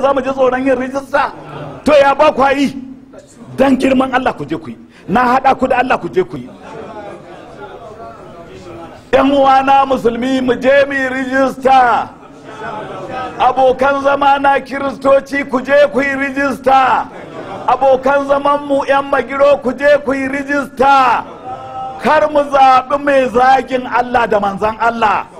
za mu ji tsoron yin rijista to ya ba ku yi dan girman Allah ku je ku yi na haɗa ku da Allah ku je ku yi yan uwana musulmi mu je mu yi rijista abokan zama na kiristoci ku je ku yi rijista abokan zaman mu yan magiro ku je ku yi rijista kar mu zaɓi mai zagin Allah da manzan Allah